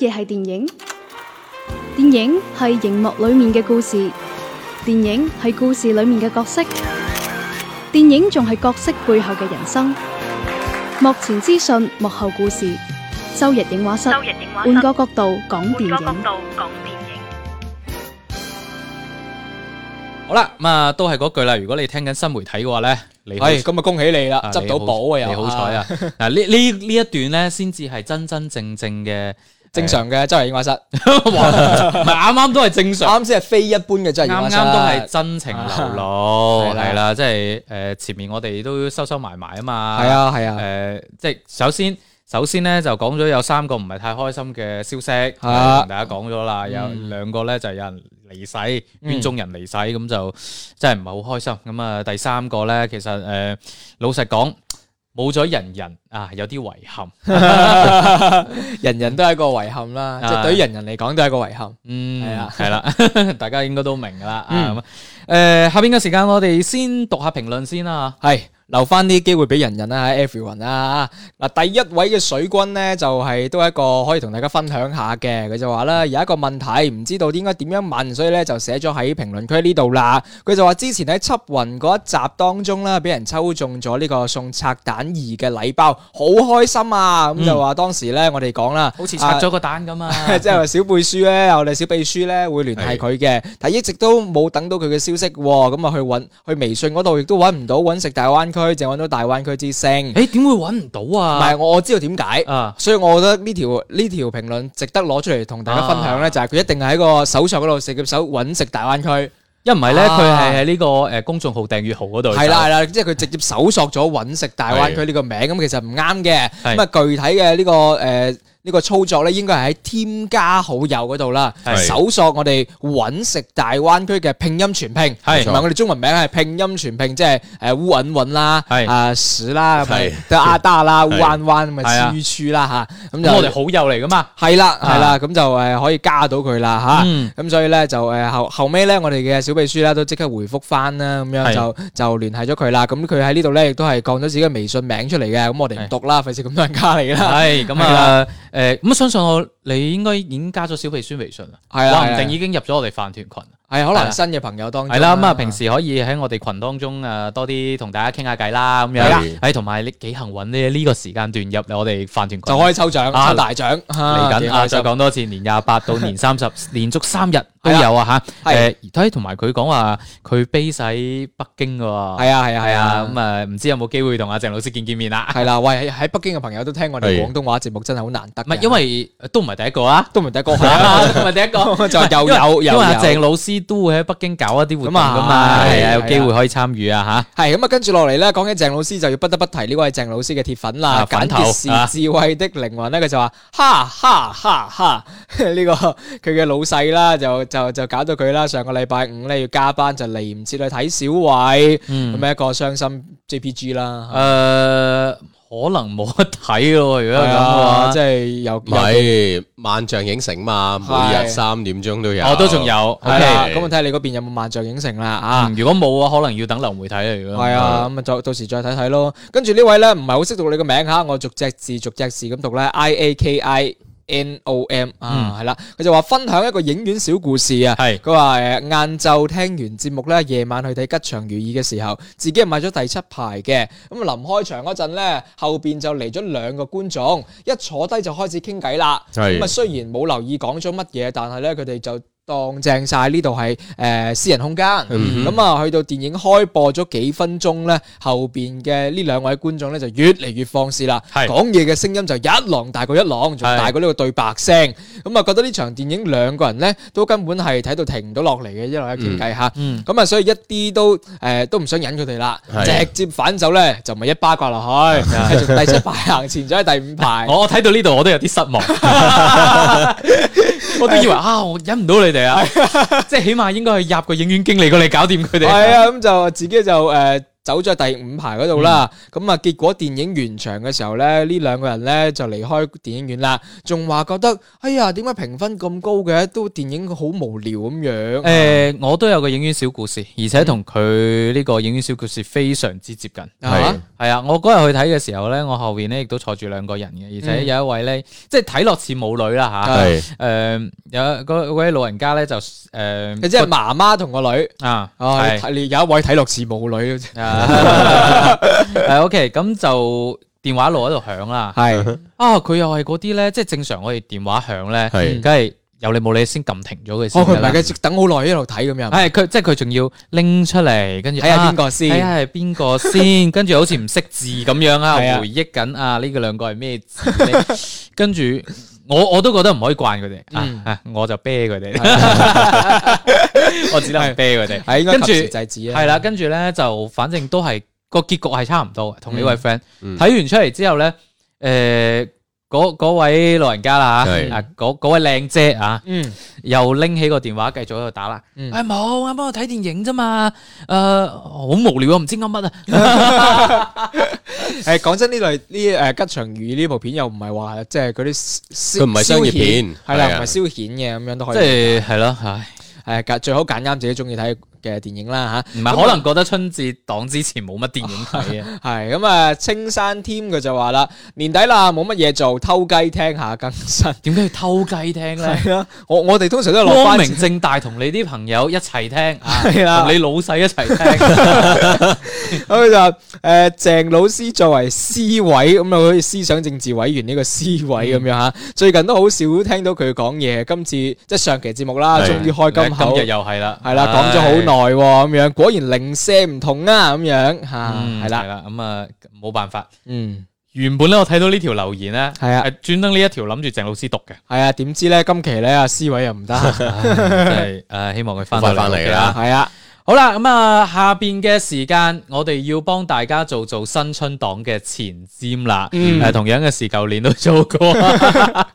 嘅係電影，電影係熒幕裏面嘅故事，電影係故事裏面嘅角色，電影仲係角色背後嘅人生。幕前資訊，幕後故事。周日映畫室，換個角度講電影。好啦，咁啊，都係嗰句啦。如果你聽緊新媒體嘅話咧，你係咁啊，恭喜你啦，執到寶啊！你好彩啊！嗱，呢呢呢一段咧，先至係真真正正嘅。正常嘅周日映畫室，啱啱都係正常，啱先係非一般嘅周日映畫室。啱啱都係真情流露、啊是的，係啦，即係誒前面我哋都收收埋埋啊嘛。係啊，係啊。誒，即係首先，首先咧就講咗有三個唔係太開心嘅消息，同是的、嗯、大家講咗啦。有兩個咧就有人離世，圈中人離世，咁就真係唔係好開心。咁啊，第三個咧其實誒，老實講。冇咗人人啊，有啲遺憾， 人人都係一個遺憾啦。即係、啊、對於人人嚟講都係一個遺憾，係、嗯、啊，係啦、啊， 大家應該都明㗎啦。誒、嗯啊，下邊嘅時間我哋先讀下評論先啦，係。留翻啲機會俾人人啊，everyone 啦！嗱，第一位嘅水軍咧，就係都係一個可以同大家分享下嘅。佢就話啦，有一個問題，唔知道應該點樣問，所以咧就寫咗喺評論區呢度啦。佢就話之前喺輯雲嗰一集當中啦，俾人抽中咗呢個送拆蛋儀嘅禮包，好開心啊！咁就話當時咧，我哋講啦，好似拆咗個蛋咁啊！即係話小秘書咧，我哋小秘書咧會聯繫佢嘅，但係一直都冇等到佢嘅消息，咁啊去搵去微信嗰度亦都搵唔到，搵食大灣區。就揾到大灣區之聲。誒，點會揾唔到啊？唔係，我知道點解。啊，所以我覺得呢條呢條評論值得攞出嚟同大家分享咧，就係佢一定係喺個搜索嗰度直接搜揾食大灣區。一唔係咧，佢係喺呢個誒公眾號訂閱號嗰度。係啦，係啦，即係佢直接搜索咗揾食大灣區呢個名，咁其實唔啱嘅。咁啊，具體嘅呢個誒。呢個操作咧應該係喺添加好友嗰度啦，搜索我哋揾食大灣區嘅拼音全拼，同埋我哋中文名係拼音全拼，即係誒烏揾揾啦，啊屎啦，都阿達啦，灣灣咁啊處處啦嚇，咁就我哋好友嚟㗎嘛，係啦係啦，咁就誒可以加到佢啦嚇，咁所以咧就誒後後尾咧我哋嘅小秘書咧都即刻回覆返啦，咁樣就就聯繫咗佢啦，咁佢喺呢度咧亦都係講咗自己嘅微信名出嚟嘅，咁我哋唔讀啦，費事咁多人加你啦，係咁啊。誒，咁、嗯、相信我，你應該已經加咗小秘書微信啦，係啊，話唔定已經入咗我哋飯團群。係可能新嘅朋友當中，係啦，咁啊，平時可以喺我哋群當中啊多啲同大家傾下偈啦，咁樣，係啦，誒，同埋你幾幸運咧？呢個時間段入嚟我哋飯團群，就可以抽獎抽大獎嚟緊啊！再講多次，年廿八到年三十，連續三日都有啊吓。誒，睇同埋佢講話，佢 base 喺北京噶，係啊係啊係啊，咁啊唔知有冇機會同阿鄭老師見見面啦？係啦，喂喺北京嘅朋友都聽我哋廣東話節目，真係好難得。唔係，因為都唔係第一個啊，都唔係第一個，唔係第一個就又有有有阿鄭老師。都會喺北京搞一啲活動噶嘛，係、哎、呀啊，有機會可以參與啊吓。係咁啊，啊，啊，跟住落嚟咧，講緊鄭老師就要不得不提呢位鄭老師嘅鐵粉啦，啊、簡直是智慧的靈魂咧，佢、啊、就話哈哈哈哈，呢、這個佢嘅老細啦，就就就搞到佢啦。上個禮拜五咧要加班就，就嚟唔切去睇小偉，咁一個傷心 JPG 啦，誒、呃、可能冇得睇咯，如果咁嘅話，啊、即係有唔係萬象影城嘛，每日三點鐘都有，我都仲有 o 咁我睇下你嗰邊有冇萬象影城啦，嗯、啊，如果冇嘅話，可能要等流媒體嚟咯，係啊，咁啊，再到時再睇睇咯，跟住呢位咧唔係好識讀你個名嚇，我逐隻字逐隻字咁讀咧，I A K I。A K I N O M 啊，係啦、嗯，佢就話分享一個影院小故事啊。係佢話誒，晏晝、呃、聽完節目咧，夜晚去睇《吉祥如意》嘅時候，自己係買咗第七排嘅。咁、嗯、啊，臨開場嗰陣咧，後邊就嚟咗兩個觀眾，一坐低就開始傾偈啦。咁啊是、嗯，雖然冇留意講咗乜嘢，但係咧，佢哋就。當正晒呢度係誒私人空間，咁啊去到電影開播咗幾分鐘咧，後邊嘅呢兩位觀眾咧就越嚟越放肆啦，講嘢嘅聲音就一浪大過一浪，仲大過呢個對白聲，咁啊覺得呢場電影兩個人咧都根本係睇到停唔到落嚟嘅，一路喺傾偈吓，咁啊所以一啲都誒都唔想引佢哋啦，直接反手咧就咪一巴刮落去，繼續第七排行前咗去第五排。我睇到呢度我都有啲失望。我都以為 啊，我忍唔到你哋啊， 即係起碼應該係入個影院經理過嚟搞掂佢哋。係 啊，咁就自己就誒。呃走咗第五排嗰度啦，咁啊、嗯嗯、結果電影完場嘅時候咧，呢兩個人咧就離開電影院啦，仲話覺得哎呀點解評分咁高嘅都電影好無聊咁樣、啊。誒、欸，我都有個影院小故事，而且同佢呢個影院小故事非常之接近。係係啊，啊，我嗰日去睇嘅時候咧，我後邊咧亦都坐住兩個人嘅，而且有一位咧、嗯、即係睇落似母女啦吓。誒、啊啊呃、有位老人家咧就誒，即係媽媽同個女、嗯哦、啊有一位睇落似母女。 係 OK，咁就電話一路喺度響啦。係啊，佢又係嗰啲咧，即係正常我哋電話響咧，梗係有你冇你先撳停咗佢先。哦，佢唔係等好耐喺度睇咁樣。係佢即係佢仲要拎出嚟，跟住睇下邊個先，睇下邊個先，跟住好似唔識字咁樣啊，回憶緊啊呢個兩個係咩字，跟住。我我都覺得唔可以慣佢哋，嗯、啊！我就啤佢哋，的 我只能係啤佢哋。係跟住制止係啦，跟住咧就反正都係個結局係差唔多，同呢位 friend 睇、嗯嗯、完出嚟之後咧，誒、呃。嗰嗰位老人家啦，啊嗰嗰位靚姐啊，嗯，又拎起個電話繼續喺度打啦，嗯，冇，我幫我睇電影啫嘛，誒，好無聊啊，唔知講乜啊，誒，講真呢類呢誒《吉祥如意》呢部片又唔係話即係佢啲，佢唔係商業片，係啦，唔係消遣嘅，咁樣都可以，即係係咯，係，誒，揀最好揀啱自己中意睇。嘅電影啦嚇，唔係可能覺得春節檔之前冇乜電影睇嘅，係咁啊。青山添佢就話啦，年底啦冇乜嘢做，偷雞聽下更新。點解要偷雞聽咧？我我哋通常都係光明正大同你啲朋友一齊聽啊，同你老細一齊聽。咁佢就誒鄭老師作為思委，咁啊，好似思想政治委員呢個思委咁樣嚇，最近都好少聽到佢講嘢。今次即係上期節目啦，終於開金口，今日又係啦，係啦，講咗好耐來咁樣，果然零舍唔同啊咁樣吓，係啦，咁啊冇辦法。嗯，原本咧我睇到呢條留言咧，係啊的，專登呢一條諗住鄭老師讀嘅，係啊，點知咧今期咧阿思偉又唔得，係誒、 呃，希望佢快快翻嚟啦，係啊。好啦，咁啊，下邊嘅時間我哋要幫大家做做新春檔嘅前瞻啦。誒，同樣嘅事舊年都做過，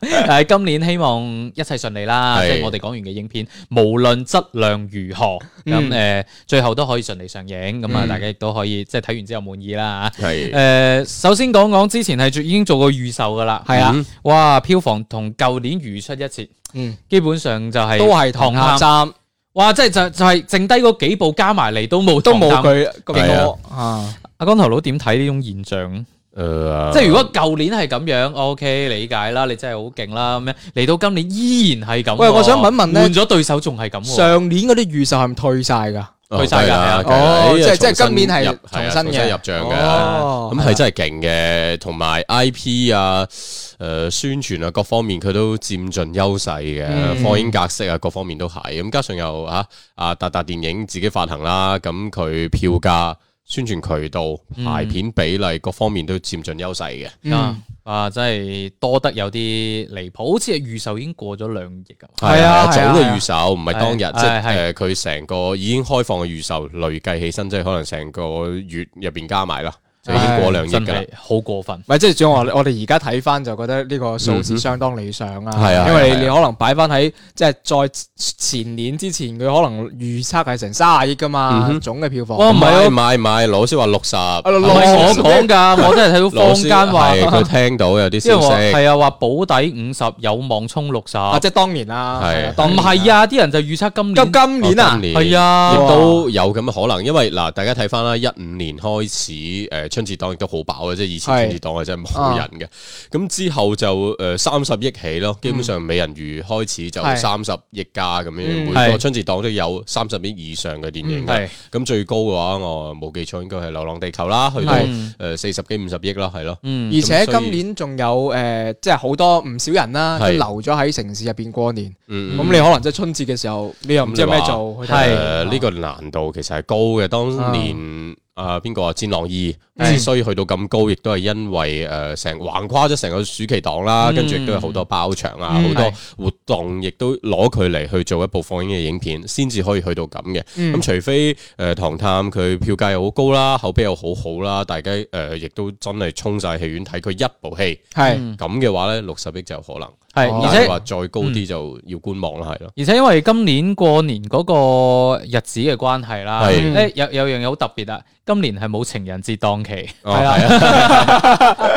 誒，今年希望一切順利啦。即係我哋講完嘅影片，無論質量如何，咁誒，最後都可以順利上映。咁啊，大家亦都可以即係睇完之後滿意啦。係誒，首先講講之前係已經做過預售噶啦，係啊，哇，票房同舊年如出一轍。嗯，基本上就係都係唐探三。哇！即係就就係剩低嗰幾步加埋嚟都冇都冇佢勁喎啊！阿光、啊、頭佬點睇呢種現象？誒、呃，即係如果舊年係咁樣，O、OK，K 理解啦，你真係好勁啦咁樣嚟到今年依然係咁。喂，我想問問咧，換咗對手仲係咁。上年嗰啲預售係咪退晒噶？去晒啦，哦，即係即係今年係、啊、重新嘅入賬嘅，咁係噢真係勁嘅，同埋 IP 啊，誒、呃，宣傳啊，各方面佢都佔盡優勢嘅，放映刀格式啊，各方面都係，咁、嗯、加上又吓，啊達達電影自己發行啦，咁佢票價。宣傳渠道、嗯、排片比例各方面都佔盡優勢嘅，嗯、啊，真係多得有啲離譜，好似係預售已經過咗兩億啊，係啊，總嘅預售唔係、啊、當日，啊、即係佢成個已經開放嘅預售累計起身，即係可能成個月入邊加埋啦。已經過量啲㗎，好過分。唔係即係，即係我哋而家睇翻就覺得呢個數字相當理想啊。係啊，因為你你可能擺翻喺即係再前年之前，佢可能預測係成卅億㗎嘛，總嘅票房。哇，唔係啊，唔係唔係，老師話六十，唔係我講㗎，我真係睇到坊間話。係佢聽到有啲消息，係啊，話保底五十，有望衝六十。即係當年啊，係當唔係啊？啲人就預測今年，今年啊，係啊，亦都有咁嘅可能。因為嗱，大家睇翻啦，一五年開始誒。春節檔亦都好飽嘅，即係以前春節檔係真係冇人嘅。咁之後就誒三十億起咯，基本上美人魚開始就三十億加咁樣，每個春節檔都有三十億以上嘅電影嘅。咁最高嘅話我冇記錯，應該係流浪地球啦，去到誒四十幾五十億啦，係咯。而且今年仲有誒，即係好多唔少人啦，都留咗喺城市入邊過年。咁你可能即係春節嘅時候，你又唔知咩做。係呢個難度其實係高嘅，當年。啊，邊個啊？《戰狼二》、嗯之所以去到咁高，亦都係因為誒，成橫跨咗成個暑期檔啦，嗯、跟住亦都有好多包場啊，好、嗯、多活動，亦都攞佢嚟去做一部放映嘅影片，先至、嗯、可以去到咁嘅。咁、嗯啊、除非誒、呃《唐探》佢票價又好高啦，口碑又好好啦，大家誒亦、呃、都真係衝晒戲院睇佢一部戲，係咁嘅話咧，六十億就有可能。係，而且話再高啲就要觀望啦，係咯、嗯。而且因為今年過年嗰個日子嘅關係啦，誒是有有樣嘢好特別啊，今年係冇情人節檔期，係、哦、啊，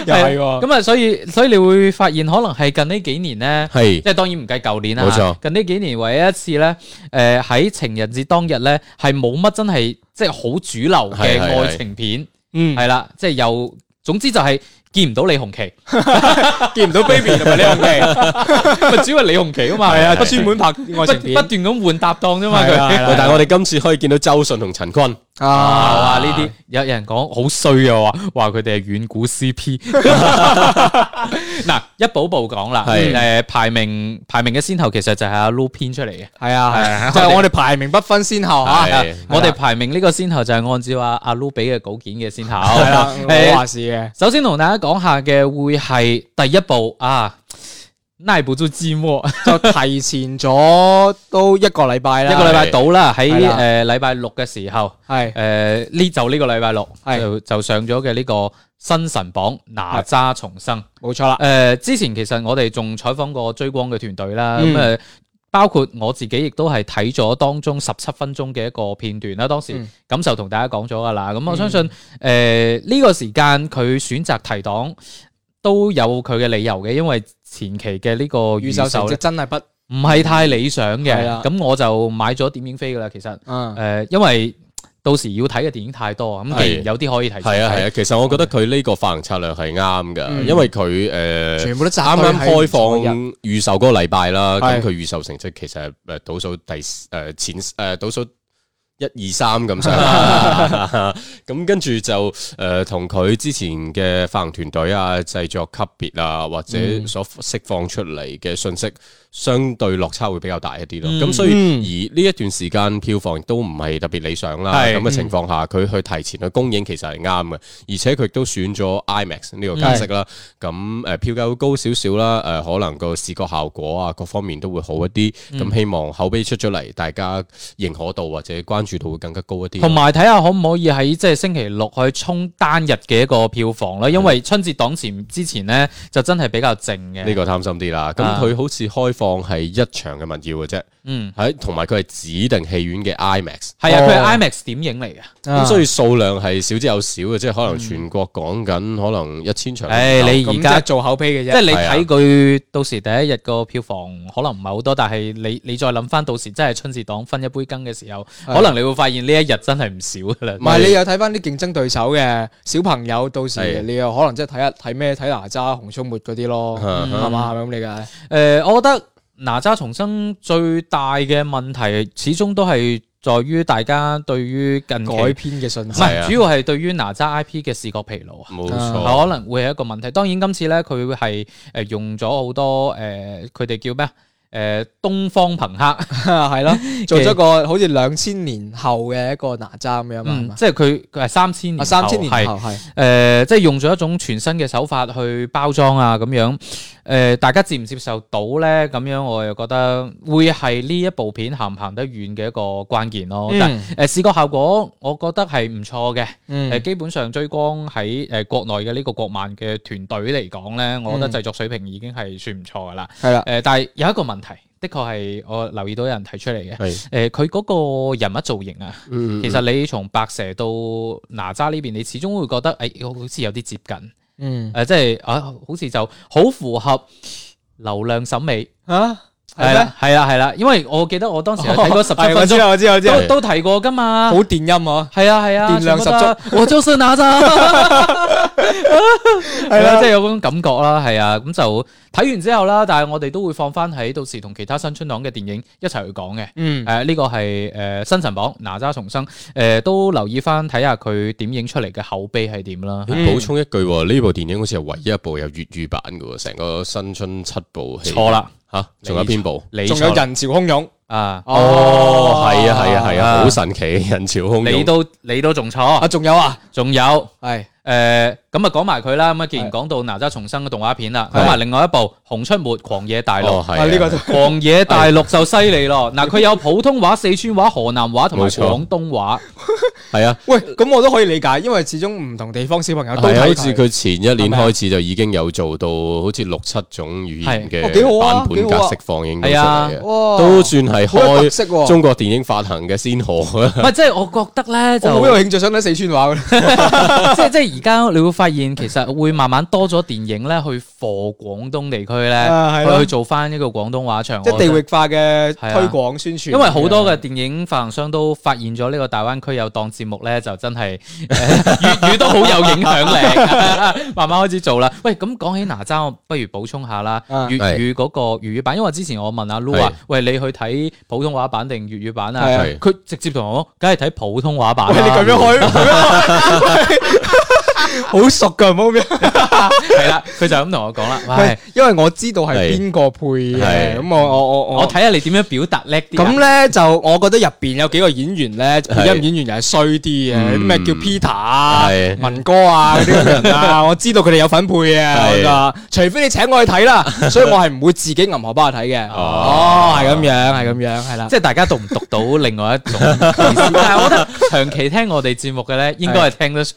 又係咁啊，所以所以你會發現可能係近呢幾年咧，是即係當然唔計舊年啦，錯近呢幾年唯一一次咧，誒喺情人節當日咧係冇乜真係即係好主流嘅愛情片，是是是是嗯，係啦，即係又總之就係、是。見唔到李紅琪，見唔到 baby 同埋李紅琪，咪只係李紅琪啊嘛，係啊，專門拍愛情片，不斷咁換搭檔啫嘛佢。但係我哋今次可以見到周迅同陳坤啊，呢啲有人講好衰啊！話，話佢哋係遠古 CP。嗱， 一部部講啦，係誒是、呃，排名排名嘅先後其實就係阿 Lo 編出嚟嘅，係啊，係、啊、就係、是、我哋排名不分先後吓，我哋排名呢個先後就係按照阿阿 Lo 俾嘅稿件嘅先後，係啦、啊，我、 啊、話事嘅。首先同大家講下嘅會係第一部啊。耐不住寂寞就提前咗都一個禮拜啦，一個禮拜到啦。喺誒禮拜六嘅時候，係誒呢就呢個禮拜六就是的 就上咗嘅呢個新神榜哪吒重生，冇錯啦。誒之前其實我哋仲採訪過追光嘅團隊啦，咁誒、嗯、包括我自己亦都係睇咗當中十七分鐘嘅一個片段啦。當時感受同大家講咗噶啦，咁、嗯、我相信誒呢、呃這個時間佢選擇提檔都有佢嘅理由嘅，因為。前期嘅呢個預售成績真係不唔係太理想嘅，咁、嗯、我就買咗點影飛噶啦。其實誒、嗯呃，因為到時要睇嘅電影太多咁、嗯、既然有啲可以睇，係啊係啊。其實我覺得佢呢個發行策略係啱嘅，嗯、因為佢誒、呃、全部都啱啱開放預售嗰個禮拜啦，咁佢預售成績其實誒倒數第誒前誒倒數。一二三咁上啦， 咁、呃、跟住就誒，同佢之前嘅發行團隊啊、呃、製作級別啊、呃，或者所釋放出嚟嘅信息。嗯 相對落差會比較大一啲咯，咁、嗯、所以而呢一段時間票房亦都唔係特別理想啦，咁嘅是情況下，佢、嗯、去提前去公映其實係啱嘅，而且佢都選咗 IMAX 呢個格式啦，咁誒、嗯呃、票價會高少少啦，誒、呃、可能個視覺效果啊，各方面都會好一啲，咁、嗯、希望口碑出咗嚟，大家認可度或者關注度會更加高一啲，同埋睇下可唔可以喺即係星期六去沖單日嘅一個票房啦？是因為春節檔前之前呢，就真係比較靜嘅，呢、嗯、個貪心啲啦，咁佢好似開當係一場嘅民調嘅啫，係同埋佢係指定戲院嘅 IMAX，係啊，佢係 IMAX 點影嚟嘅，咁所以數量係少之又少嘅，即係可能全國講緊可能一千場。誒，你而家做口碑嘅，即係你睇佢到時第一日個票房可能唔係好多，但係你你再諗翻到時真係春節檔分一杯羹嘅時候，可能你會發現呢一日真係唔少噶啦。唔係，你又睇翻啲競爭對手嘅小朋友，到時你又可能即係睇一睇咩睇哪吒、熊出沒嗰啲咯，係嘛係咪咁嚟噶？誒，我覺得。哪吒重生最大嘅問題始終都係在於大家對於近期改編嘅信息，唔係、啊、主要係對於哪吒 IP 嘅視覺疲勞啊，冇錯，可能會係一個問題。當然今次咧，佢會係誒用咗好多誒，佢哋叫咩誒、呃、東方朋克，係咯、啊，做咗個好似兩千年後嘅一個哪吒咁樣、嗯、啊，即係佢佢係三千年，三千年後係誒，即係、呃就是，用咗一種全新嘅手法去包裝啊，咁樣。誒、呃，大家接唔接受到呢？咁樣我又覺得會係呢一部片行唔行得遠嘅一個關鍵咯。嗯、但係誒、呃，視覺效果我覺得係唔錯嘅。嗯、基本上追光喺誒、呃、國內嘅呢個國漫嘅團隊嚟講呢，我覺得製作水平已經係算唔錯噶啦。係啦、嗯呃，但係有一個問題，的確係我留意到有人提出嚟嘅。誒的，佢嗰、呃、個人物造型啊，嗯嗯、其實你從白蛇到哪吒呢邊，你始終會覺得誒，哎、好似有啲接近。嗯，誒、呃，即係啊，好似就好符合流量審美啊。係咧，係啦，係啦，因為我記得我當時睇咗十幾分鐘，都都提過噶嘛，好電音嗬，係啊，係啊，電量十足。我做身哪吒，係啦，即係有嗰種感覺啦，係啊，咁就睇完之後啦，但係我哋都會放翻喺到時同其他新春檔嘅電影一齊去講嘅。嗯，誒，呢個係誒新神榜《哪吒重生》，誒都留意翻睇下佢點影出嚟嘅口碑係點啦。補充一句，呢部電影好似係唯一一部有粵語版嘅，成個新春七部戲錯啦。吓，仲、啊、你 有邊部，仲有人潮洶湧啊？哦，係啊，係啊，係啊，好神奇，人潮洶湧，你都你都仲錯啊？仲有啊？仲有係。誒，咁啊，講埋佢啦。咁啊，既然講到哪吒重生嘅動畫片啦，講埋另外一部《熊出沒狂野大陸》，啊呢個《狂野大陸》就犀利咯。嗱，佢有普通話、四川話、河南話同埋廣東話，係啊。喂，咁我都可以理解，因為始終唔同地方小朋友都睇。自佢前一年開始就已經有做到，好似六七種語言嘅版本格式放映出嚟嘅，都算係開中國電影發行嘅先河。唔即係我覺得咧就好有興趣，想睇四川話，即係。而家你會發現，其實會慢慢多咗電影咧，去播廣東地區咧，去做翻一個廣東話場，即係地域化嘅推廣宣傳。因為好多嘅電影發行商都發現咗呢個大灣區有檔節目咧，就真係粵語都好有影響力，慢慢開始做啦。喂，咁講起哪吒，我不如補充下啦，粵語嗰個粵語版，因為之前我問阿 Lu 啊，喂，你去睇普通話版定粵語版啊？佢直接同我講，梗係睇普通話版。你咁樣去。好熟噶，係啦，佢就咁同我講啦，因為我知道係邊個配嘅，咁我我我我睇下你點樣表達叻啲。咁咧就我覺得入邊有幾個演員咧，配音演員又係衰啲嘅，咩叫 Peter 啊、文哥啊嗰啲人啊，我知道佢哋有份配啊，除非你請我去睇啦，所以我係唔會自己銀河班去睇嘅。哦，係咁樣，係咁樣，係啦，即係大家讀唔讀到另外一種意思，但係我覺得長期聽我哋節目嘅咧，應該係聽得出。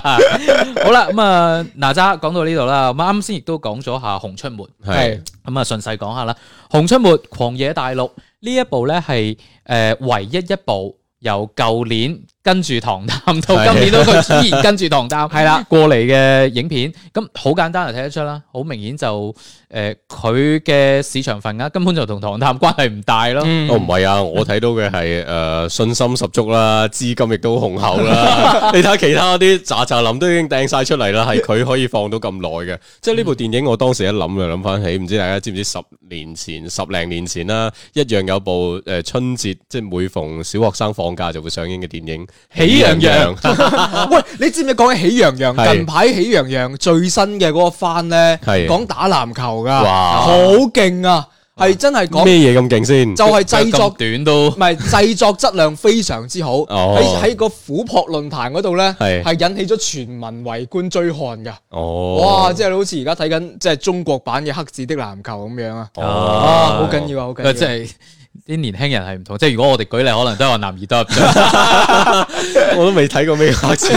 好啦，咁、嗯、啊，哪吒講到呢度啦，咁啱先亦都講咗下《熊出沒》是，係咁啊，順勢講下啦，《熊出沒》《狂野大陸》呢一部咧係誒唯一一部由舊年。跟住唐探到今年都佢依然跟住唐探，係啦 了過嚟嘅影片，咁好簡單就睇得出啦，好明顯就誒佢嘅市場份額、啊、根本就同唐探關係唔大咯。嗯、哦，唔係啊，我睇到嘅係誒信心十足啦，資金亦都雄厚啦。 你睇下其他啲渣渣林都已經掟晒出嚟啦，係佢可以放到咁耐嘅。 即係呢部電影，我當時一諗就諗翻起，唔知大家知唔知十年前、十零年前啦，一樣有一部誒春節，即係每逢小學生放假就會上映嘅電影。喜羊羊，喂，你知唔知講起喜羊羊，近排喜羊羊最新嘅嗰個番咧，係講打籃球噶，好勁啊，係真係講咩嘢咁勁先？就係製作短都，唔係製作質量非常之好。喺喺個虎撲論壇嗰度咧，係引起咗全民圍觀追看噶。哦，哇，即係好似而家睇緊即係中國版嘅黑子的籃球咁樣啊，啊，好緊要啊，好緊要。啲年輕人係唔同，即係如果我哋舉例，可能都係男二多。我都未睇過咩搞笑。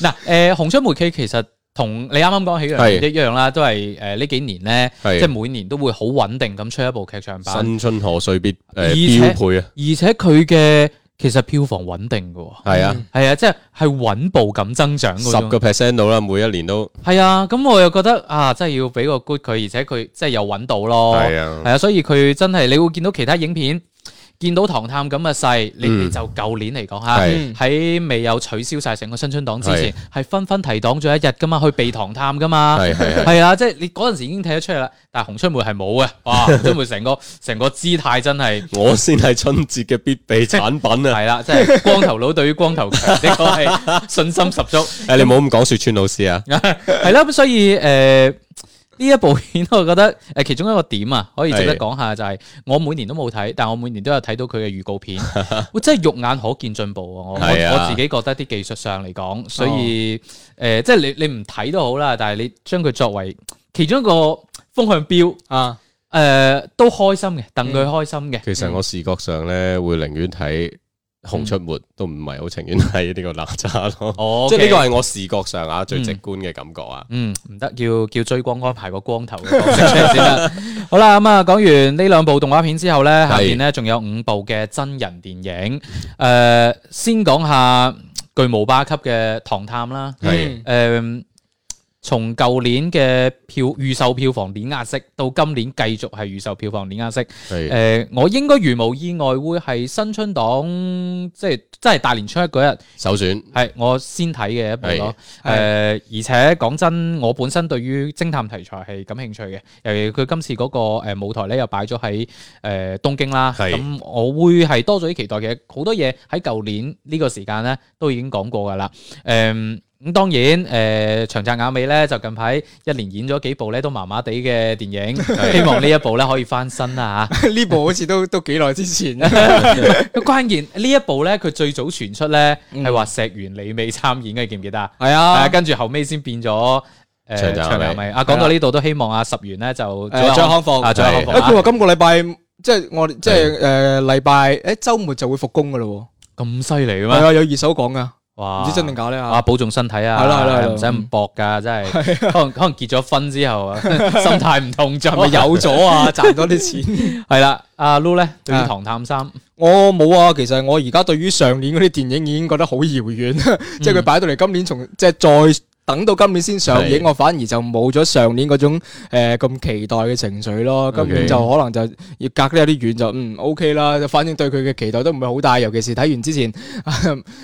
嗱，誒，《紅春梅屐》其實同你啱啱講起嘅一樣啦，是都係誒呢幾年咧，是即係每年都會好穩定咁出一部劇場版。是新春賀歲必標、呃、而且佢嘅。其實票房穩定嘅，係啊，係啊，即係係穩步咁增長嘅，十個 percent 到啦，每一年都係啊。咁我又覺得啊，真係要俾個 good 佢，而且佢即係又穩到咯，係啊，係啊，所以佢真係你會見到其他影片。見到唐探咁嘅勢，你，你就舊年嚟講嚇，喺未、嗯、有取消晒成個新春檔之前，係紛紛提檔咗一日噶嘛，去避唐探噶嘛，係是 啊，即係你嗰陣時已經睇得出嚟啦。但係紅春梅係冇嘅，哇！春梅成個成個姿態真係， 我先係春節嘅必備產品啊。係 啦、啊，即係光頭佬對於光頭強，的 確係信心十足。誒， 你唔好咁講雪川老師啊， 啊。係啦，咁所以誒。嗯嗯。呢一部片，我覺得誒，其中一個點啊，可以值得講下就係，我每年都冇睇，但我每年都有睇到佢嘅預告片，我 真係肉眼可見進步，我是、啊、我自己覺得啲技術上嚟講，所以誒，即係、哦呃即係、你你唔睇都好啦，但係你將佢作為其中一個風向標啊，誒、呃，都開心嘅，等佢開心嘅。嗯、其實我視覺上咧，嗯、會寧願睇。嗯、熊出沒都唔係好情願睇呢個哪吒咯，哦，okay, 即係呢個係我視覺上啊、嗯、最直觀嘅感覺啊，嗯，唔得，叫叫追光安排個光頭嘅角色先啦， 好啦，咁啊講完呢兩部動畫片之後咧，下邊咧仲有五部嘅真人電影，誒是、呃，先講下巨無霸級嘅《唐探》啦，係是，誒、呃。從舊年嘅票預售票房碾壓式到今年繼續係預售票房碾壓式，係是、呃、我應該如無意外會係新春檔，即係即係大年初一嗰日首選係我先睇嘅一部咯。誒是、呃，而且講真，我本身對於偵探題材係感興趣嘅，尤其佢今次嗰個誒舞台咧又擺咗喺誒東京啦，咁是我會係多咗啲期待嘅，好多嘢喺舊年呢個時間咧都已經講過噶啦，誒、呃。咁當然，誒長澤雅美咧就近排一連演咗幾部咧都麻麻地嘅電影，希望呢一部咧可以翻身啦嚇。呢部好似都都幾耐之前咧，關鍵呢一部咧佢最早傳出咧係話石原里美參演嘅，記唔記得啊？係啊，跟住後尾先變咗長澤雅美。啊，講到呢度都希望阿十元咧就誒張康放。啊，張康佢話今個禮拜即係我即係誒禮拜誒週末就會復工嘅咯喎，咁犀利嘅咩？係啊，有二手講噶。哇！唔知真定假咧啊！保重身體啊，係啦，係啦，唔使咁搏噶，真係的。可能可能結咗婚之後啊，心態唔同，就係咪有咗啊？賺多啲錢係啦。阿 Lu 咧，對唐探三，我冇啊。其實我而家對於上年嗰啲電影已經覺得好遙遠，即係佢擺到嚟今年從，即係再。等到今年先上映，是我反而就冇咗上年嗰種誒咁、呃、期待嘅情緒咯。Okay, 今年就可能就要隔得有啲遠就嗯 O、okay、K 啦，反正對佢嘅期待都唔係好大，尤其是睇完之前《啊、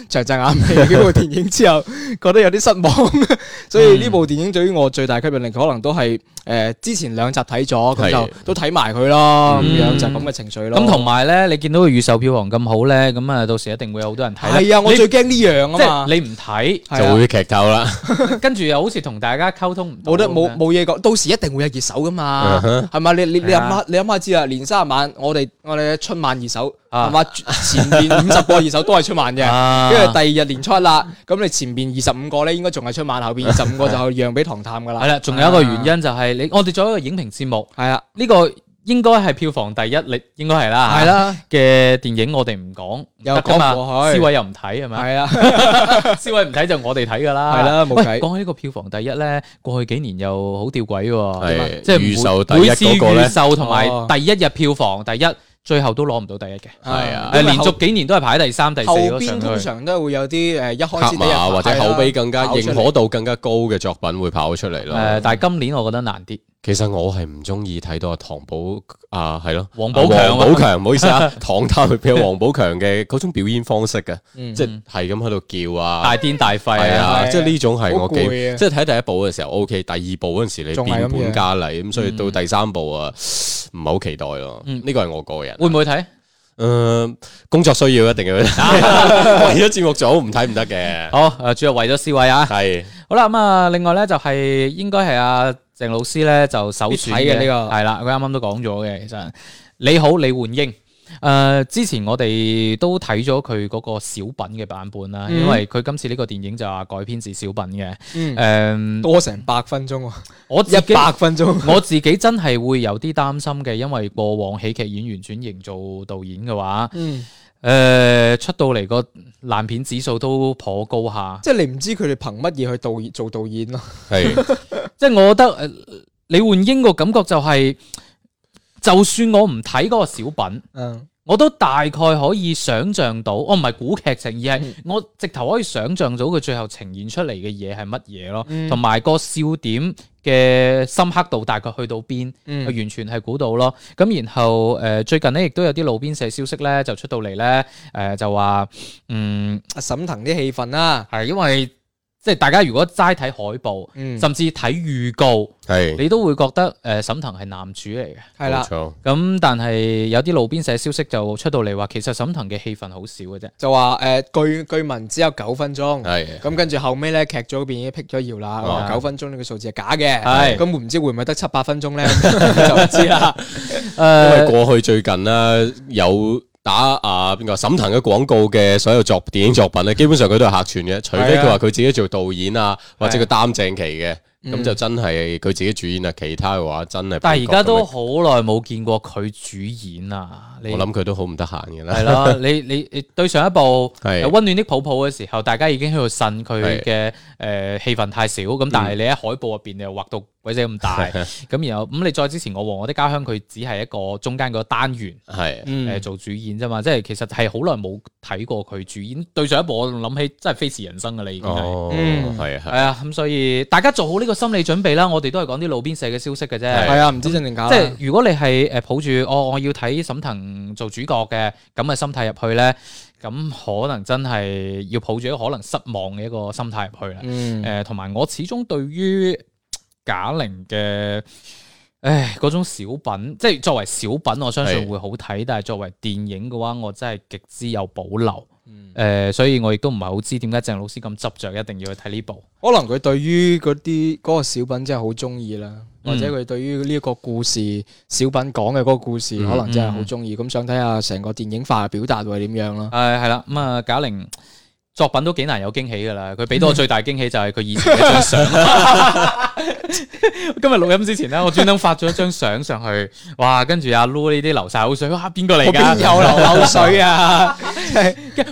長澤雅美》嗰部電影之後， 覺得有啲失望，所以呢部電影對於我最大吸引力可能都係誒、呃、之前兩集睇咗，佢是就都睇埋佢咯，咁、嗯、樣就咁嘅情緒咯。咁同埋咧，你見到個預售票房咁好咧，咁啊到時一定會有好多人睇。係啊，我最驚呢樣啊嘛，你唔睇就、啊、就會劇透啦。 跟住又好似同大家溝通唔到，得冇冇嘢講，到時一定會有熱手噶嘛，係咪、uh huh.？你你你諗下你諗下，知啦，年三十晚我哋我哋春晚熱手，係嘛、uh？Huh. 前面五十個熱手都係春晚嘅，跟住、uh huh. 第二日年初一啦，咁你前面二十五個咧應該仲係春晚，後邊二十五個就讓俾唐探噶啦。係啦、uh，仲、huh. 有一個原因就係、是 uh huh. 你，我哋做一個影評節目，係啊、uh，呢、huh. 這個。應該係票房第一，你應該係啦。係啦嘅電影我哋唔講，又講過去，思偉又唔睇係咪？係啊，思偉唔睇就我哋睇噶啦。係啦，冇計。講起呢個票房第一咧，過去幾年又好吊詭喎，即係預售第一嗰個咧，同埋第一日票房第一。哦最後都攞唔到第一嘅，係啊，誒，連續幾年都係排第三、第四，後邊通常都係會有啲誒，一開始或者口碑更加認可度更加高嘅作品會跑出嚟咯。誒，但係今年我覺得難啲。其實我係唔中意睇到阿唐寶啊，係咯，王寶強。王寶強，唔好意思啊，唐他佢俾王寶強嘅嗰種表演方式啊，即係咁喺度叫啊，大癲大廢啊，即係呢種係我幾。即係睇第一部嘅時候 OK，第二部嗰陣時你變本加厲，咁所以到第三部啊。唔係好期待咯，呢個係我個人會唔會睇？嗯、呃，工作需要一定要睇， 為咗節目組唔睇唔得嘅。不不好，主要為咗思維啊。係是。好啦，咁、嗯、啊，另外咧就係、是、應該係阿鄭老師咧就首睇嘅呢個係啦，佢啱啱都講咗嘅。其實你好，李煥英。誒、呃，之前我哋都睇咗佢嗰個小品嘅版本啦，嗯、因為佢今次呢個電影就話改編自小品嘅，誒、嗯，呃、多成百分鐘，我一百分鐘，我自己真係會有啲擔心嘅，因為過往喜劇演員轉型做導演嘅話，誒、嗯呃，出到嚟個爛片指數都頗高下，即係你唔知佢哋憑乜嘢去導做導演咯，係是，即係 我覺得誒，李、呃、煥英個感覺就係、是。就算我唔睇嗰個小品，嗯、我都大概可以想象到，我唔係估劇情，而係我直頭可以想象到佢最後呈現出嚟嘅嘢係乜嘢咯，同埋個笑點嘅深刻度大概去到邊，就、嗯、完全係估到咯。咁然後誒、呃，最近咧亦都有啲路邊社消息咧就出到嚟咧，誒、呃、就話，嗯，沈騰啲戲份啦、啊，係因為。即係大家如果齋睇海報，甚至睇預告，係、嗯、你都會覺得誒、呃，沈騰係男主嚟嘅，係啦錯。咁、嗯、但係有啲路邊社消息就出到嚟話，其實沈騰嘅戲份好少嘅啫。就話誒、呃，據據聞只有九分鐘，係咁的、嗯、跟住後尾咧，劇組嗰邊已經辟咗謠啦。九、嗯、分鐘呢個數字係假嘅，係咁唔知會唔會得七八分鐘咧， 就唔知啦。誒，因為過去最近咧有。打啊，邊個沈騰嘅廣告嘅所有作電影作品咧，基本上佢都係客串嘅， 除非佢話佢自己做導演啊， 或者佢擔正期嘅，咁、嗯、就真係佢自己主演啊。其他嘅話真係。但係而家都好耐冇見過佢主演啊！我諗佢都好唔得閒嘅啦。係咯，你 你，你，你對上一部《溫的暖的抱抱》嘅時候，大家已經喺度呻佢嘅誒戲份太少，咁但係你喺海報入邊你又畫到，鬼仔咁大，咁 然後咁你再之前我和我的家鄉佢只係一個中間嗰個單元，係誒做主演啫嘛，即係其實係好耐冇睇過佢主演。對上一部我諗起真係飛馳人生嘅你，哦，係、嗯、啊，係啊，咁、啊、所以大家做好呢個心理準備啦。我哋都係講啲路邊社嘅消息嘅啫，係啊，唔知真定假。嗯、即係如果你係誒抱住我、哦、我要睇沈騰做主角嘅咁嘅心態入去咧，咁可能真係要抱住一個可能失望嘅一個心態入去啦。誒、呃，同埋我始終對於。賈玲嘅，唉，嗰種小品，即係作為小品，我相信會好睇。是但係作為電影嘅話，我真係極之有保留。誒、嗯呃，所以我亦都唔係好知點解鄭老師咁執着，一定要去睇呢部。可能佢對於嗰啲嗰個小品真係好中意啦，嗯、或者佢對於呢一個故事小品講嘅嗰個故事，可能真係好中意。咁、嗯、想睇下成個電影化嘅表達會係點樣咯。誒、呃，係啦，咁、嗯、啊，賈玲。作品都幾難有驚喜㗎啦，佢俾到我最大驚喜就係佢以前嘅張相。 今日錄音之前咧，我專登發咗一張相上去，哇！跟住阿 Lu 呢啲流晒口水，嘩邊個嚟㗎？又 流口水啊！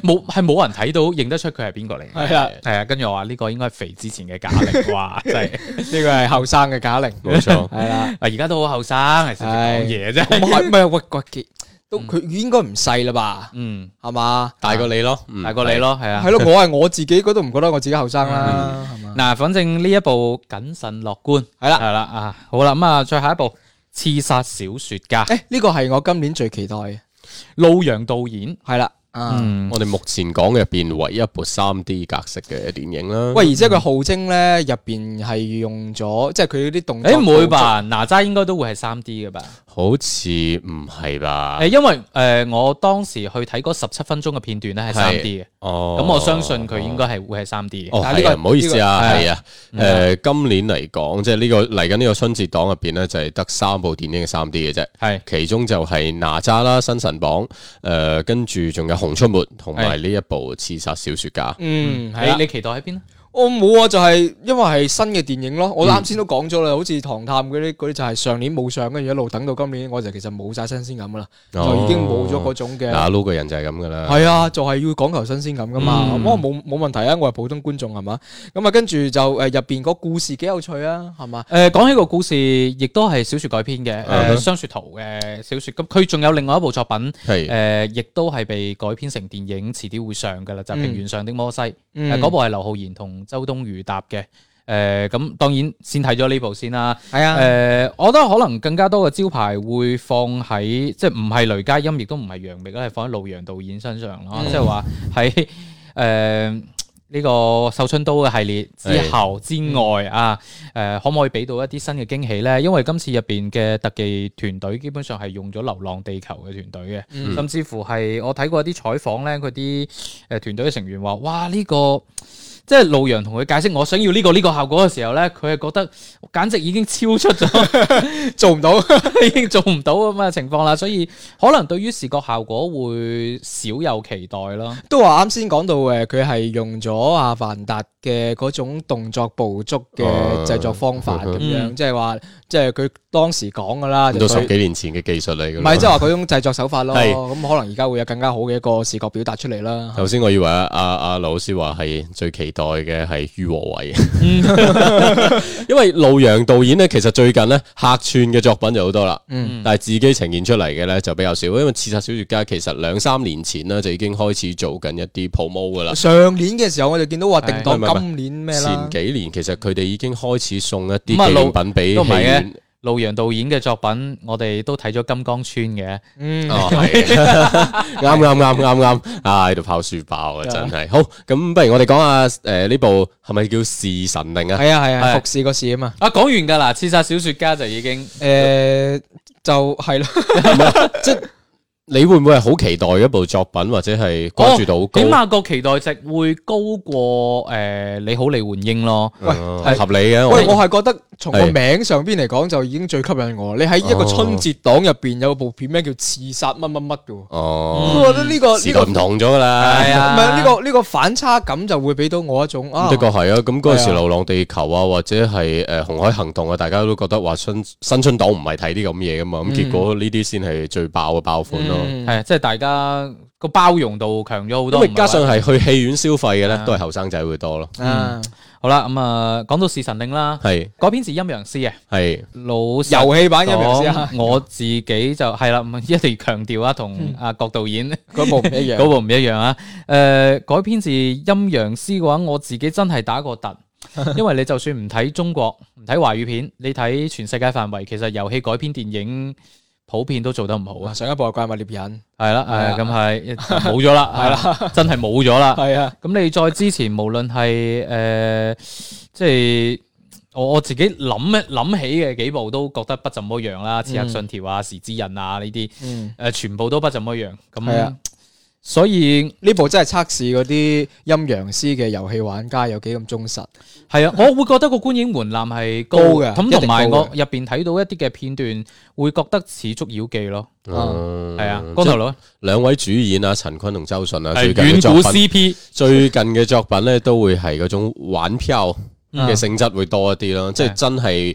冇係冇人睇到，認得出佢係邊個嚟？係啊，係啊，跟住我話呢個應該係肥之前嘅賈玲啩，即係呢個係後生嘅賈玲，冇、就是、 錯，係啦、啊。是是而家都好後生，係先講嘢啫，唔係唔係都佢應該唔細啦吧？嗯，係嘛，大過你咯，大過你咯，係啊，係咯，我係我自己，我都唔覺得我自己後生啦，係嘛。嗱，反正呢一部謹慎樂觀，係啦，係啦，啊，好啦，咁啊，再下一部刺殺小說家，誒，呢個係我今年最期待嘅，路陽導演，係啦，嗯，我哋目前講嘅入邊唯一部三 D 格式嘅電影啦。喂，而且佢號稱咧入邊係用咗，即係佢啲動作，誒，唔會吧？哪吒應該都會係三 D 嘅吧？好似唔係吧？誒，因為誒、呃，我當時去睇嗰十七分鐘嘅片段咧，係三 D 嘅。哦，咁我相信佢應該係會係三 D 嘅。哦，係啊，唔好意思啊，係啊。誒，今年嚟講，即係呢個嚟緊呢個春節檔入邊咧，就係、是、得三部電影嘅三 D 嘅啫。係的，其中就係哪吒啦、新神榜，誒、呃，跟住仲有熊出沒，同埋呢一部刺殺小說家。嗯，係你期待喺邊咧？我冇、哦、啊，就係、是、因為係新嘅電影咯。我啱先都講咗啦，好似《唐探》嗰啲嗰啲就係上年冇上，跟住一路等到今年，我就其實冇晒新鮮感噶啦，哦、就已經冇咗嗰種嘅。打撈個人就係咁噶啦。係啊，就係、是、要講求新鮮感噶嘛。我冇冇問題啊，我係普通觀眾係嘛？咁啊，跟住就誒入邊個故事幾有趣啊，係嘛？誒、呃，講起個故事，亦都係小說改編嘅、嗯呃、雙雪濤嘅小說。咁佢仲有另外一部作品，誒是，亦都係被改編成電影，遲啲會上噶啦，就是《平原上的摩西》。嗰、嗯嗯、部係劉昊然同。周冬雨答嘅，誒、呃，咁當然先睇咗呢部先啦，係啊的，誒、呃，我覺得可能更加多嘅招牌會放喺，即係唔係雷佳音亦都唔係楊冪，咧係放喺路陽導演身上啦，即係話喺誒呢個繡春刀嘅系列之後之外的、嗯、啊，誒，可唔可以俾到一啲新嘅驚喜咧？因為今次入邊嘅特技團隊基本上係用咗《流浪地球》嘅團隊嘅，甚至乎係我睇過一啲採訪咧，佢啲誒團隊嘅成員話，哇呢個。即係路陽同佢解釋，我想要呢個呢個效果嘅時候咧，佢係覺得簡直已經超出咗， 做唔不到， 已經做唔到咁嘅情況啦。所以可能對於視覺效果會少有期待咯。都話啱先講到誒，佢係用咗阿凡達嘅嗰種動作捕捉嘅製作方法咁樣，即係話。嗯即係佢當時講嘅啦，都十幾年前嘅技術嚟嘅。唔係即係話嗰種製作手法咯。咁，可能而家會有更加好嘅一個視覺表達出嚟啦。頭先我以為阿阿劉老師話係最期待嘅係于和偉， 因為路陽導演呢，其實最近咧客串嘅作品就好多啦。嗯，但係自己呈現出嚟嘅咧就比較少，因為《刺殺小説家》其實兩三年前呢，就已經開始做緊一啲 promo 嘅啦。上年嘅時候我就見到話定檔今年咩？前幾年其實佢哋已經開始送一啲紀念品俾。杜洋導演嘅作品，我哋都睇咗《金剛川》嘅，嗯，啱啱啱啱啱啊！喺度拋書包啊，真係、嗯、對好。咁不如我哋講下誒呢、呃、部係咪叫《弒神令》啊？係啊係啊，服侍過弒啊嘛。啊，講完噶啦，刺殺小說家就已經誒就係咯，即、呃。 你會唔會係好期待一部作品或者係關注到起碼個期待值會高過誒你好李煥英咯？喂，係合理嘅。喂，我係覺得從個名上邊嚟講就已經最吸引我。你喺一個春節檔入邊有部片咩叫刺殺乜乜乜嘅？哦，我覺得呢個呢個唔同咗噶啦，係啊，唔係啊，呢個呢個反差感就會俾到我一種啊。的確係啊，咁嗰陣時流浪地球啊，或者係誒紅海行動啊，大家都覺得話春新春檔唔係睇啲咁嘢噶嘛，咁結果呢啲先係最爆嘅爆款咯。係，即係大家個包容度強咗好多。咁，加上係去戲院消費嘅咧，都係後生仔會多咯。嗯，好啦，咁啊，講到《侍神令》啦，係改編自《陰陽師》啊，係老遊戲版《陰陽師》啊。我自己就係啦，一定要強調啊，同阿郭導演嗰部唔一樣，部唔一樣啊。誒，改編自《陰陽師》嘅話，我自己真係打過突，因為你就算唔睇中國，唔睇華語片，你睇全世界範圍，其實遊戲改編電影。普遍都做得唔好啊！上一部係怪物獵人，係啦的，誒的，咁係冇咗啦，係啦， 真係冇咗啦，係啊的！咁你再之前， 無論係誒，即、呃、係、就是、我、我自己諗一諗起嘅幾部，都覺得不怎麼樣啦，嗯《刺客信條》啊，《時之刃》啊呢啲，誒、嗯，全部都不怎麼樣，咁，係啊。所以呢部真係測試嗰啲陰陽師嘅遊戲玩家有幾咁忠實，係啊，我會覺得個觀影門檻係高嘅，咁同埋我入邊睇到一啲嘅片段，會覺得似捉妖記咯，係、嗯、啊，江頭佬，兩位主演啊，陳坤同周迅啊，遠古 CP，最近作品最近嘅作品咧都會係嗰種玩票，嘅、嗯、性質會多一啲啦，嗯、即係真係誒，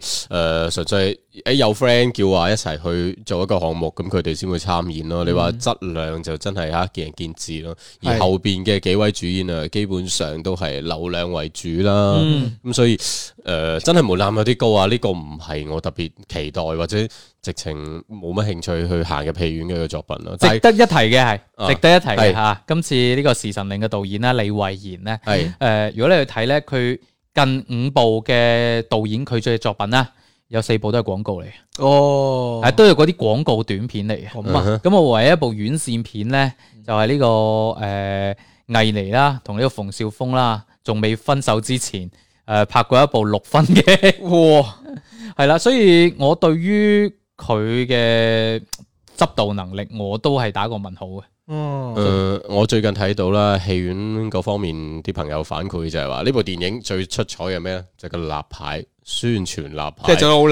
實際誒有 friend 叫話一齊去做一個項目，咁佢哋先會參演咯。嗯、你話質量就真係吓見仁見智咯。嗯、而後邊嘅幾位主演啊，基本上都係流量為主啦。咁、嗯、所以誒、呃，真係門檻有啲高啊！呢、這個唔係我特別期待或者直情冇乜興趣去行嘅戲院嘅一個作品咯。值得一提嘅係，啊、值得一提嘅、吓、啊啊。今次呢個《侍神令》嘅導演咧，李慧賢咧，係、呃、誒，如果你去睇咧，佢。近五部嘅導演佢做嘅作品咧，有四部都係廣告嚟，哦，係都有嗰啲廣告短片嚟嘅。咁啊、uh，咁、huh. 我唯一一部院線片咧，就係、是、呢、這個誒、呃、魏妮啦，同呢個馮紹峰啦，仲未分手之前，誒、呃、拍過一部六分嘅，哇，係啦，所以我對於佢嘅執導能力，我都係打個問號嘅。嗯，誒，我最近睇到啦，戲院嗰，方面啲朋友反饋就係話，呢部電影最出彩嘅咩咧？就個、係、立牌宣傳立牌，即係做得好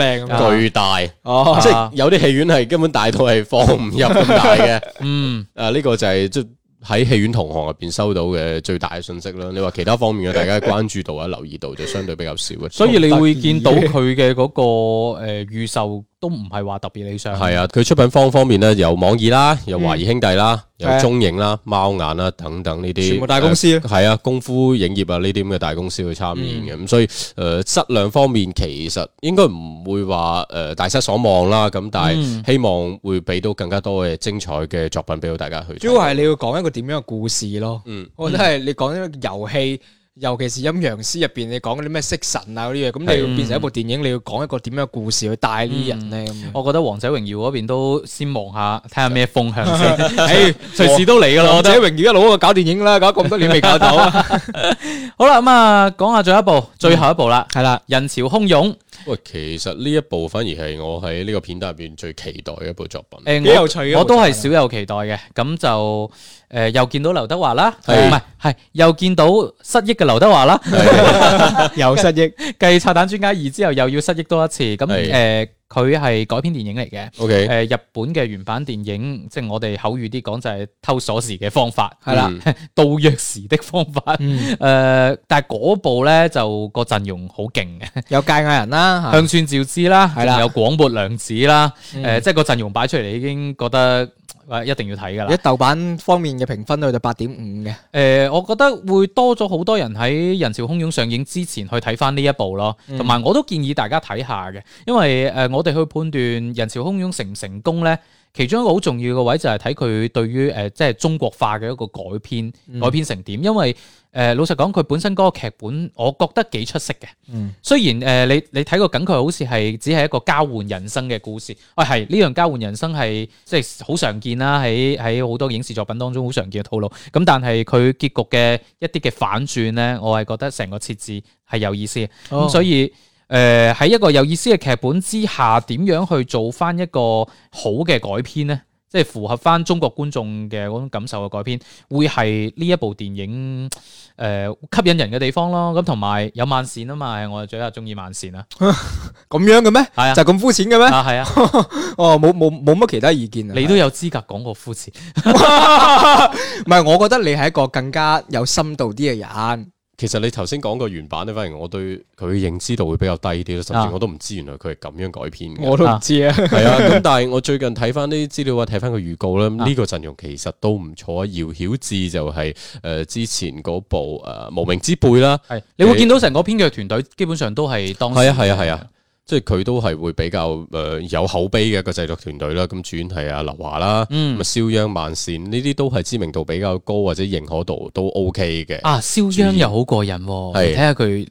靚，巨大，啊、即係有啲戲院係根本大到係放唔入咁大嘅。 嗯，誒、啊，呢、呢個就係即喺戲院同行入邊收到嘅最大嘅信息啦。你話其他方面嘅大家關注度啊、 留意度就相對比較少嘅，所以你會見到佢嘅嗰個誒預售。都唔係話特別理想。係啊，佢出品方方面咧，有網易啦，有華誼兄弟啦，有中影啦、貓眼啦等等呢啲。全部大公司啊。係啊，功夫影業啊呢啲咁嘅大公司去參與嘅，咁所以誒，質量方面其實應該唔會話誒大失所望啦。咁但係希望會俾到更加多嘅精彩嘅作品俾到大家去。主要係你要講一個點樣嘅故事咯。嗯，我覺得係你講一個遊戲。尤其是陰陽師入邊，你講啲咩式神啊嗰啲嘢，咁是你要變成一部電影，你要講一個點樣嘅故事去帶啲人咧？嗯、麼我覺得《王者榮耀》嗰邊都先望下，睇下咩風向先。 哎，隨 時都嚟噶啦！《王者榮耀》一路喺度搞電影啦，搞咁多年未搞到、啊 好、嗯、啦，咁啊，講下最後一部，最後一部啦，係啦、嗯，人潮洶湧。喂，其實呢一部反而係我喺呢個片單入邊最期待嘅一部作品，幾、嗯、有趣嘅我都係少有期待嘅，咁就誒、呃、又見到劉德華啦，唔係係又見到失憶嘅劉德華啦，的 又失憶，繼《拆彈專家二》之後又要失憶多一次，咁誒。的佢係改編電影嚟嘅，誒 Okay.、呃、日本嘅原版電影，即係我哋口語啲講就係偷鎖匙嘅方法，係啦，盜鑰匙的方法，誒，但係嗰部咧就個陣容好勁嘅，有界外人啦， 向川紗枝啦，係啦的，有廣播涼子啦，誒、嗯呃，即係個陣容擺出嚟已經覺得。一定要睇噶！喺豆瓣方面嘅評分咧，就八點五嘅。誒，我覺得會多咗好多人喺《人潮洶湧》上映之前去睇翻呢一部咯。同埋、嗯，我都建議大家睇下嘅，因為誒、呃，我哋去判斷《人潮洶湧》成唔成功呢。其中一個好重要嘅位就係睇佢對於誒即係中國化嘅一個改編，嗯、改編成點？因為誒、呃、老實講，佢本身嗰個劇本，我覺得幾出色嘅。嗯、雖然誒、呃、你你睇個梗，佢好似係只係一個交換人生嘅故事。喂、哦，係呢樣交換人生係即係好常見啦，喺喺好多影視作品當中好常見嘅套路。咁但係佢結局嘅一啲嘅反轉呢，我係覺得成個設置係有意思、哦嗯。所以。誒，喺、呃、一個有意思嘅劇本之下，點樣去做翻一個好嘅改編咧？即係符合翻中國觀眾嘅嗰種感受嘅改編，會係呢一部電影誒、呃、吸引人嘅地方咯。咁同埋有慢線啊嘛，我最又中意慢線啦。咁樣嘅咩？係就咁膚淺嘅咩？係啊。哦，冇冇冇乜其他意見啊？你都有資格講個膚淺。唔 係， 我覺得你係一個更加有深度啲嘅人。其實你頭先講個原版咧，反而我對佢認知度會比較低啲咯，甚至我都唔知原來佢係咁樣改編嘅。我都唔知啊，係啊。咁但係我最近睇翻啲資料啊，睇翻個預告啦，呢個陣容其實都唔錯啊。饒曉志就係、是、誒、呃、之前嗰部誒無名之輩啦，係你會見到成個編劇團隊基本上都係當係啊係啊係啊。即係佢都係會比較誒有口碑嘅一個製作團隊啦，咁主演係阿劉華啦，咁啊肖央萬茜呢啲都係知名度比較高或者認可度都 OK 嘅。啊，肖央又好過癮，睇下佢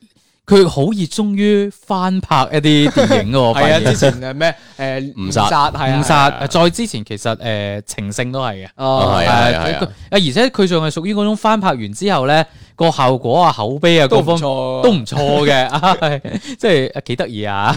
佢好熱衷於翻拍一啲電影咯。係啊， 之前誒咩誒誤殺係啊，誤殺再之前其實誒、呃、情聖都係嘅。哦，係啊而且佢仲係屬於嗰種翻拍完之後咧。個效果啊、口碑啊，各方都唔錯嘅，即係幾得意啊！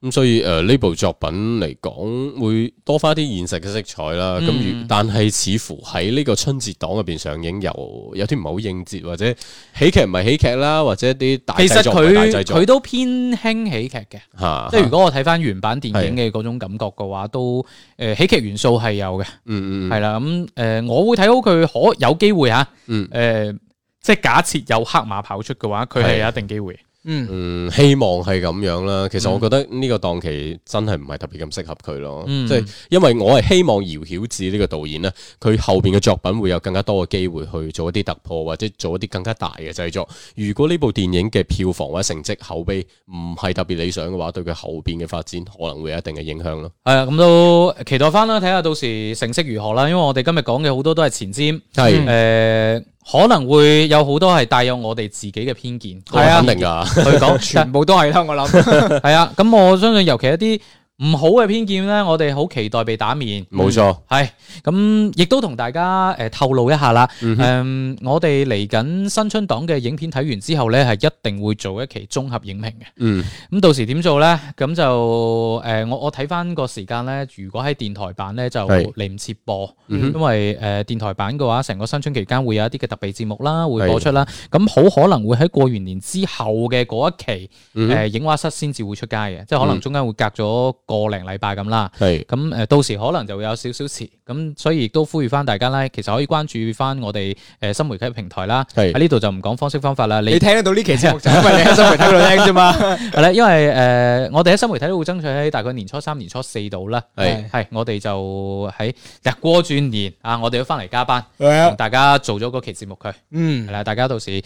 咁、嗯、所以誒，呢、呃、部作品嚟講，會多翻啲現實嘅色彩啦。咁、嗯、但係似乎喺呢個春節檔入邊上映，又有啲唔係好應節，或者喜劇唔係喜劇啦，或者啲大其實佢佢都偏輕喜劇嘅，啊啊、即係如果我睇翻原版電影嘅嗰種感覺嘅話，都誒喜劇元素係有嘅。嗯嗯，係、嗯、啦，咁誒我會睇好佢可有機會吓，誒、嗯。嗯嗯即係假設有黑馬跑出嘅話，佢係有一定機會。是嗯，嗯，希望係咁樣啦。其實我覺得呢個檔期真係唔係特別咁適合佢咯。即係、嗯、因為我係希望饒曉志呢個導演呢，佢後邊嘅作品會有更加多嘅機會去做一啲突破，或者做一啲更加大嘅製作。如果呢部電影嘅票房或者成績口碑唔係特別理想嘅話，對佢後邊嘅發展可能會有一定嘅影響咯。係啊，咁都期待翻啦，睇下到時成績如何啦。因為我哋今日講嘅好多都係前瞻，係誒的。呃可能會有好多係帶有我哋自己嘅偏見，係啊，肯定㗎。對講 全部都係啦，我諗係 啊。咁我相信尤其一啲。唔好嘅偏見呢，我哋好期待被打面。冇錯，係咁、嗯，亦、嗯、都同大家誒、呃、透露一下啦。誒、呃，我哋嚟緊新春檔嘅影片睇完之後呢，係一定會做一期綜合影評嘅。嗯，咁到時點做呢？咁就誒、呃，我我睇翻個時間呢，如果喺電台版呢，就嚟唔切播，嗯、因為誒、呃、電台版嘅話，成個新春期間會有一啲嘅特別節目啦，會播出啦。咁好是、嗯、可能會喺過完年之後嘅嗰一期誒、呃、影畫室先至會出街嘅，嗯嗯、即係可能中間會隔咗個零禮拜咁啦，係咁誒，到時可能就會有少少遲，咁所以亦都呼籲翻大家咧，其實可以關注翻我哋誒新媒體嘅平台啦，係喺呢度就唔講方式方法啦。你，你聽得到呢期節目 就因為你喺新媒體度聽啫嘛，係啦， 因為誒、呃、我哋喺新媒體都會爭取喺大概年初三、年初四度啦，係係我哋就喺日過轉年啊，我哋要翻嚟，加班，的大家做咗嗰期節目佢，嗯，係啦，大家到時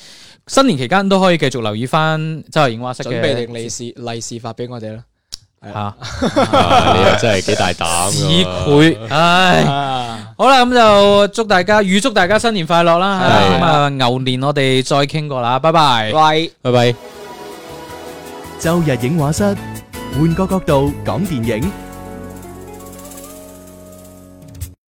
新年期間都可以繼續留意翻周日映畫室嘅利事利事發俾我哋啦。吓、啊 啊，你又真係幾大膽，以佢。唉、哎，啊、好啦，咁就祝大家，預祝大家新年快樂啦，咁的啊，牛年我哋再傾過啦，拜拜，喂，拜拜，周日映畫室，換個角度講電影。